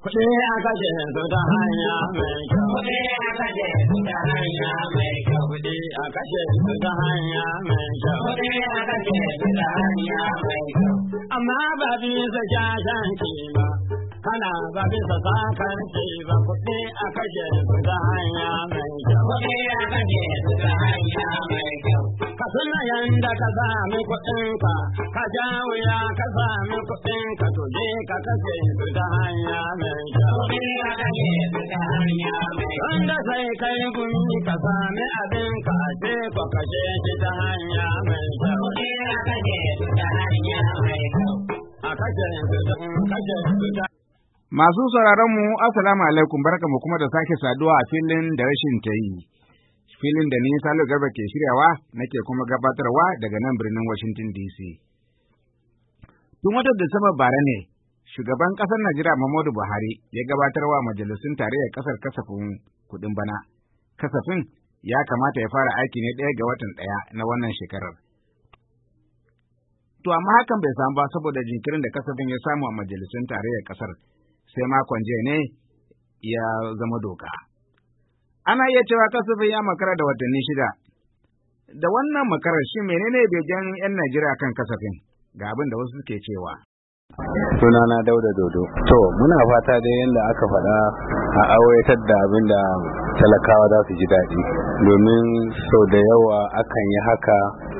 Kuɗi a kashe su ta hanya mai kyau. Kuɗi a kashe su ta hanya mai kyau. Kuɗi a kashe su ta hanya mai kyau. Kuɗi a kashe su ta hanya mai kyau. Amma ba bisa jajanci ba, kana ba bisa sakanci ba. Kuɗi a kashe su ta hanya mai kyau. Kuɗi a kashe su ta hanya mai kyau. suna yanda ka sami kuɗinka, ka ja wuya ka sami kuɗinka to je ka kashe su ta hanya mai kyau. Wanda sai kai gumi ka sami abin ka je ka kashe shi ta hanya mai kyau. A kashe su ta kashe su Masu sauraron mu, Assalamu alaikum, barkamu kuma da sake saduwa a filin da rashin ta yi. filin da ni Salo Garba ke shiryawa nake kuma gabatarwa daga nan birnin Washington DC. Tun watan Disamba bara ne, shugaban ƙasar Najeriya Muhammadu Buhari ya gabatar gabatarwa majalisun tarayyar ƙasar kasafin kuɗin bana. Kasafin ya kamata ya fara aiki ne ɗaya ga watan ɗaya na wannan shekarar. To amma hakan bai samu ba saboda jinkirin da kasafin ya samu a majalisun tarayyar ƙasar sai makon jiya ne ya zama doka. ana iya cewa kasafin ya makara da watanni shida. Da wannan makarar shi menene begen 'yan Najeriya kan kasafin ga abin da wasu suke cewa. Sunana Dauda Dodo. To, muna fata dai yadda aka faɗa a awaitar da abin da talakawa za su ji daɗi. Domin sau da yawa akan yi haka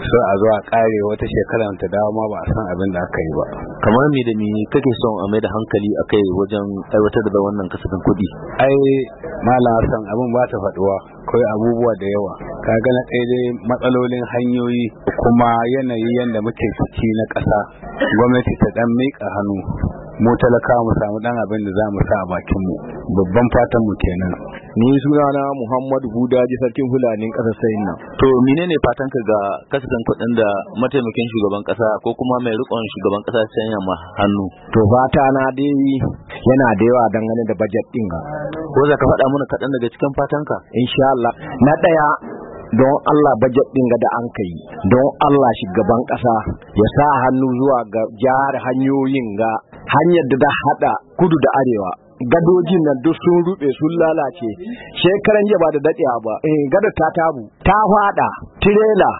sai a zo a kare wata shekarar ta dawo ma ba a san abin da aka yi ba kamar me da me kake son a mai da hankali a kai wajen aiwatar da wannan kasafin kuɗi ai malam san abin ba ta faduwa akwai abubuwa da yawa ka ga na ɗaya dai matsalolin hanyoyi kuma yanayi yadda muke ciki na ƙasa gwamnati ta dan miƙa hannu mu talaka mu samu dan abin da za mu sa a bakin mu babban fatan mu kenan ni sunana Muhammad Budaji sarkin Fulanin kasar sayin nan to menene fatan ka ga kasafin kuɗin da mataimakin shugaban kasa ko kuma mai rikon shugaban kasa sanya ma hannu to fata na dai yana da yawa dangane da budget din ko za ka faɗa mana kaɗan daga cikin fatanka insha Allah na ɗaya don Allah bajet din ga da an kai don Allah shugaban kasa ya sa hannu zuwa ga jihar hanyoyin ga hanyar da da haɗa kudu da arewa gadojin nan duk sun rube sun lalace shekaran jiya ba da dadewa ba eh, gadar ta tabu ta fada tirela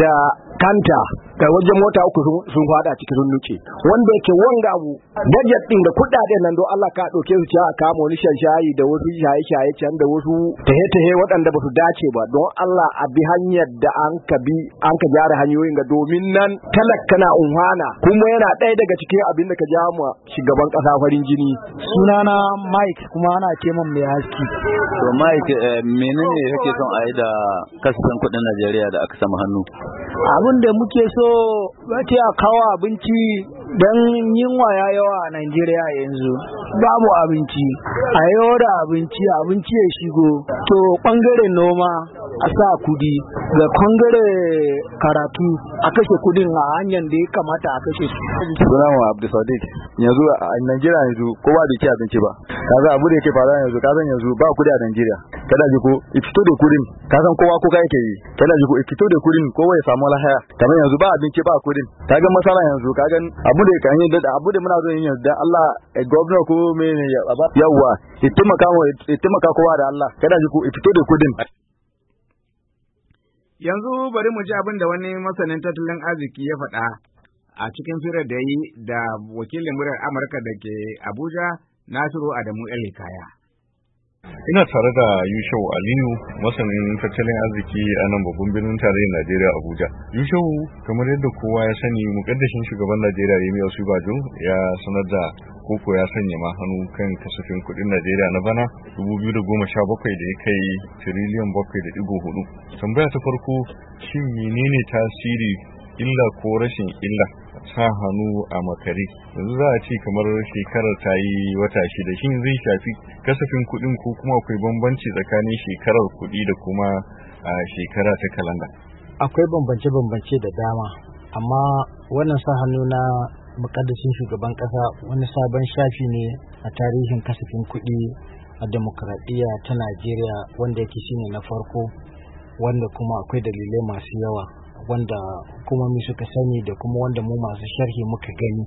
da kanta ga wajen mota uku sun fada ciki sun nuke wanda yake wanga abu budget din da kudaden nan don Allah ka ɗauke su ci a kama wani shanshayi da wasu shaye shaye can da wasu tahe tahe waɗanda ba su dace ba don Allah a bi hanyar da an ka bi an ka gyara hanyoyin ga domin nan talaka na unhana kuma yana ɗaya daga cikin abin da ka ja mu shugaban ƙasa farin jini sunana Mike kuma ana ce min mai haski to Mike eh, menene kake son a yi da kasafin kuɗin Najeriya da aka sama hannu abin da muke so ce a kawo abinci don yinwa ya yawa a nigeria yanzu babu abinci a yau da abinci abinci ya shigo to ɓangaren noma a sa kudi ga kongare karatu a kashe kudin a hanyar da ya kamata a kashe su. Suna wa Abdu Sadiq yanzu a Najeriya yanzu kowa bai ci abinci ba. Kaza abu da yake faruwa yanzu zan yanzu ba kudi a Najeriya. Kada ji ko ifito da kudin zan kowa ko kai yake yi. Kada ji ko ifito da kudin kowa ya samu lahaya. Kamar yanzu ba abinci ba kudin. gan masala yanzu kaga abu da kan yi da abu da muna zo yin yanzu da Allah eh, gwamnati ko mene yawa. Ita ya taimaka kowa da Allah. Kada ji ko ifito da kudin. Yanzu bari mu ji abin da wani masanin tattalin arziki ya faɗa a cikin firar da yi da wakilin murar Amurka da ke Abuja Nasiru Adamu Kaya. Ina tare da Yushau Aliyu masanin tattalin arziki a nan babban birnin tarayyar Najeriya Abuja. Yushau kamar yadda kowa ya sani mukaddashin shugaban Najeriya Yemi Osibajo ya sanar da koko ya sanya ma hannu kan kasafin kuɗin Najeriya na bana 2017 da ya kai tiriliyan 7.4 tambaya ta farko shin menene tasiri illa ko rashin illa sa hannu a makare yanzu za a ce kamar shekarar ta yi wata shida shin zai shafi kasafin kuɗin ko kuma akwai bambanci tsakanin shekarar kuɗi da kuma a shekara ta kalanda akwai bambance-bambance da dama amma wannan sa hannu na mukaddashin shugaban kasa wani sabon shafi ne a tarihin kasafin kuɗi a demokradiyya ta najeriya wanda yake shine na farko wanda kuma akwai dalilai masu yawa wanda hukumomi suka sani da kuma wanda mu masu sharhi muka gani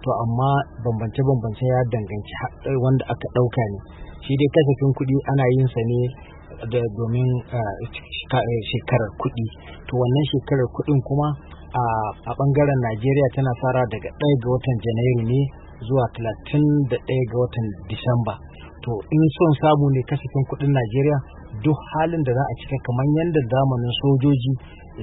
to amma bambance-bambance ya danganci wanda aka ɗauka ne shi dai kasafin kuɗi ana yin sa ne da domin ah, eh, shekarar kuɗi to wannan shekarar kuɗin kuma ah, a ɓangaren najeriya tana fara daga ɗaya ga watan janairu ne zuwa talatin da ɗaya ga watan disamba to in son samu ne kasafin kuɗin najeriya duk halin da za a cika kamar yadda zamanin sojoji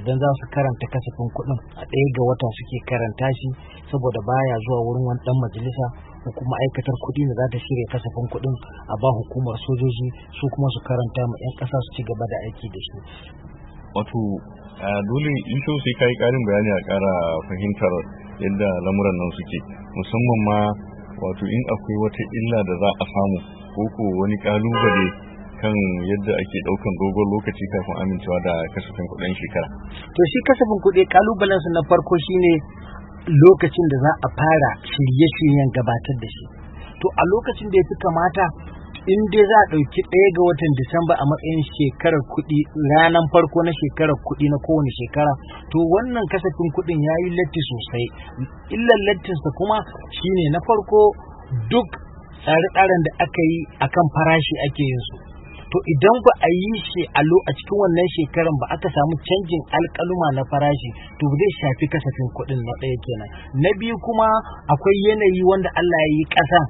idan za su karanta kasafin kuɗin a ɗaya ga wata suke karanta shi saboda baya zuwa wurin wani ɗan majalisa ko aikatar kuɗi da za ta shirya kasafin kuɗin a ba hukumar sojoji su kuma su karanta ma 'yan ƙasa su ci gaba da aiki da shi. Wato dole in so sai kayi ƙarin bayani a ƙara fahimtar yadda lamuran nan suke musamman ma wato in akwai wata illa da za a samu ko ko wani ƙalubale kan yadda ake daukan dogon lokaci kafin amincewa da kasafin kuɗin shekara. To shi kasafin kuɗi kalubalen su na farko shine lokacin da za a fara shirye-shiryen gabatar da shi to a lokacin da ya fi kamata in dai za a ɗauki ɗaya ga watan Disamba a matsayin shekarar kuɗi ranar farko na shekarar kuɗi na kowane shekara to wannan kasafin kuɗin ya yi latti sosai illan lattinsa kuma shine na farko duk tsare-tsaren da aka yi akan farashi ake yin su to idan ba a yi shi a a cikin wannan shekarar ba aka samu canjin alkaluma na farashi to zai shafi kasafin kuɗin na ɗaya kenan na biyu kuma akwai yanayi wanda Allah ya yi ƙasa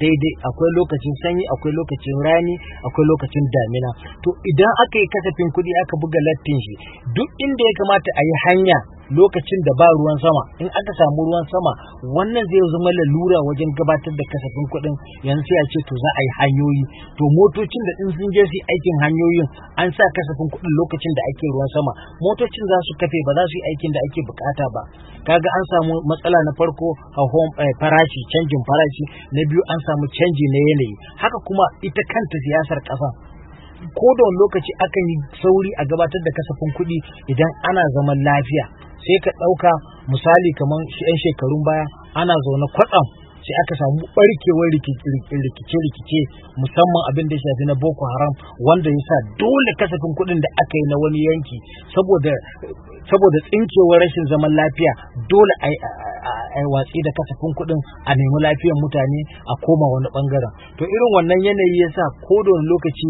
daidai akwai lokacin sanyi akwai lokacin rani akwai lokacin damina to idan aka yi kasafin kuɗi aka buga lattin shi duk inda ya kamata a yi hanya lokacin da ba ruwan sama in aka samu ruwan sama wannan zai zama lalura wajen gabatar da kasafin kuɗin yanzu sai a ce to za a yi hanyoyi to motocin da in sun je su aikin hanyoyin an sa kasafin kuɗin lokacin da ake ruwan sama motocin za su kafe ba za su yi aikin da ake bukata ba kaga an samu matsala na farko hahon eh, farashi canjin farashi na biyu an samu canji na yanayi haka kuma ita kanta siyasar ƙasa ko da wani lokaci akan yi sauri a gabatar da kasafin kuɗi idan ana zaman lafiya sai ka ɗauka misali kamar yan shekarun baya ana zaune kwatsam sai aka samu barkewar rikice-rikice musamman abin da ya shafi na boko haram wanda ya sa dole kasafin kudin da aka yi na wani yanki saboda tsinkewar rashin zaman lafiya dole a watsi da kasafin kuɗin a nemi lafiyar mutane a koma wani bangaren to irin wannan yanayi ya sa ko da wani lokaci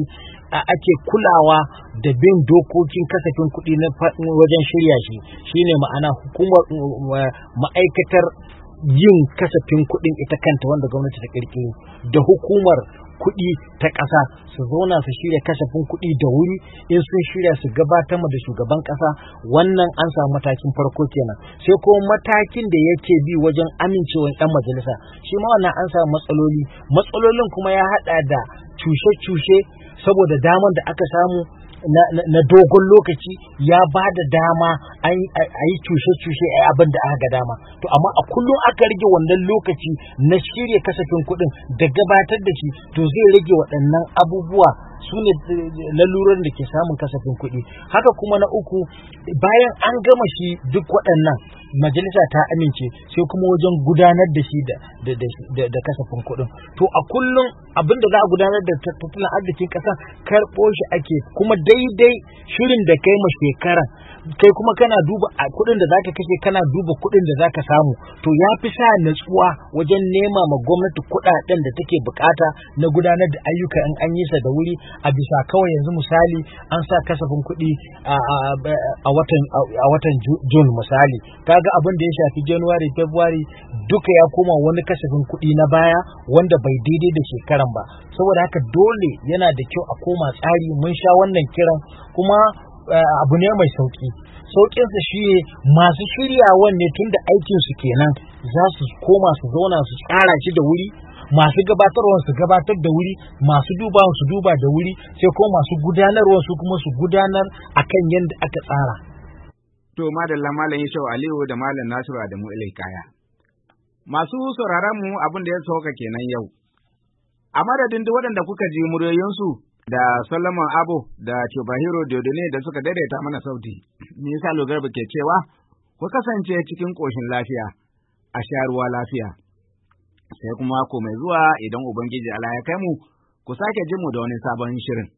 ake kulawa da bin dokokin kasafin kuɗi na wajen shirya shi shine ma'ana hukumar ma'aikatar yin kasafin kuɗin ita kanta wanda gwamnati ta kirkiro da hukumar kuɗi ta ƙasa su zauna su shirya kasafin kuɗi da wuri in sun shirya su gabatar da shugaban ƙasa wannan an samu matakin farko kenan sai ko matakin da yake bi wajen amincewar ɗan majalisa shi ma wannan an samu matsaloli matsalolin kuma ya haɗa da cushe-cushe saboda damar da aka samu na dogon lokaci ya ba da dama a yi cushe-cushe a abin da aka ga dama to amma a kullum aka rage wannan lokaci na shirya kasafin kuɗin da gabatar da shi to zai rage waɗannan abubuwa su ne lalurar da ke samun kasafin kuɗi haka kuma na uku bayan an gama shi duk waɗannan majalisa ta amince sai kuma wajen gudanar da shi da kasafin kuɗin to a kullum abin da za a gudanar da tattalin arzikin ƙasa karɓo shi ake kuma daidai shirin da kai ma shekara kai kuma kana duba kuɗin da zaka kashe kana duba kuɗin da zaka samu to ya fi sa natsuwa wajen nema ma gwamnati kuɗaɗen da take bukata na gudanar da ayyuka in an yi sa da wuri a bisa kawai yanzu misali an sa kasafin kuɗi a watan jun misali ga abin da ya shafi Januwari, february duka ya koma wani kasafin kuɗi na baya wanda bai daidai da shekaran ba saboda haka dole yana da kyau a koma tsari mun sha wannan kiran kuma eh, abu ne mai sauki sauƙinsa shi ne masu shiryawan ne tun da aikinsu kenan za su koma su zauna su tsara shi da wuri masu gabatarwa su gabatar da wuri masu duba su duba da wuri sai ko masu gudanarwa su kuma su gudanar akan yadda aka tsara to madalla malam Yusuf Aliyu da malam Nasiru Adamu kaya. masu sauraron mu abin da ya sauka kenan yau a madadin duk waɗanda kuka ji muryoyinsu da Solomon Abo da Chubahiro Dodone da suka daidaita mana sauti logar Lugarba ke cewa ku kasance cikin koshin lafiya a sha ruwa lafiya sai kuma mako mai zuwa idan Ubangiji Allah ya kai mu, ku sake jin mu da wani sabon shirin.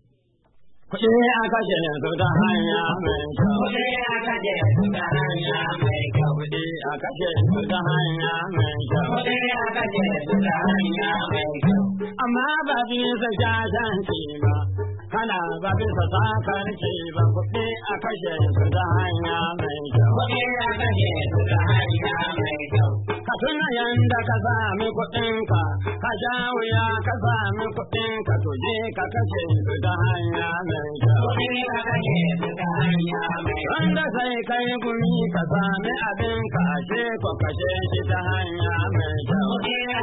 Kuɗi a kashe su ta hanya mai kyau. Kuɗi a kashe su ta hanya mai kyau. Kuɗi a kashe su ta hanya mai kyau. Kuɗi a kashe su ta hanya mai kyau. Amma ba bisa jajanci ba. kana babin fasaka nake ba kuɗi a kashe su da hanya mai kyau. Kuɗi a kashe su da hanya mai kyau. Ka tuna yanda ka sami kuɗinka, ka sha wuya ka sami kuɗinka to je ka kashe su da hanya mai kyau. Kuɗi a kashe su da hanya mai kyau. Wanda sai kai gumi ka sami abinka ashe ko kashe shi ta hanya mai kyau. Kuɗi a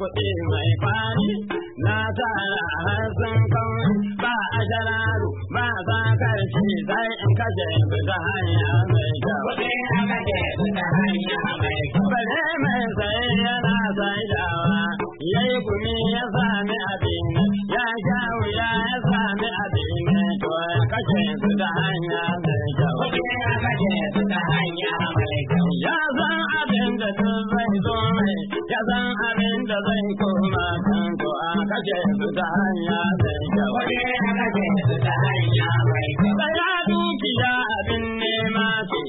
kuɗi mai kwari na tara har sun kawai ba a jararu ba za karshi sai in kaje bisa hanya mai kyau. Kuɗi na kaje bisa hanya mai kyau. zai koma kan ko a kaje su ta hanya mai kyau. Wani a kaje su ta hanya mai kyau. ya dukiya abin nema ce,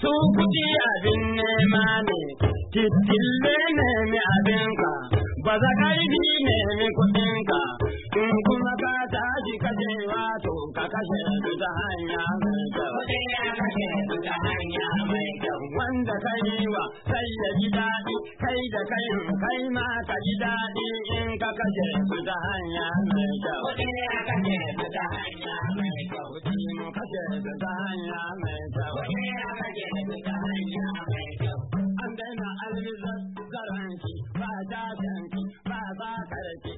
su kuɗi abin nema ne, titille ne mi abinka, ba za ƙarfi ne mi kuɗinka, in kuma ka tashi kaje wato ka kashe su ta hanya mai kyau. Wani a kaje su ta hanya wanda ka yi wa sai ya ji daɗi kai da kai kai ma ka ji daɗi in ka kashe su ta hanya mai kyau. ne su ta mai su ta mai ne su ta mai An daina alwizar zaranki ba jajanki ba ba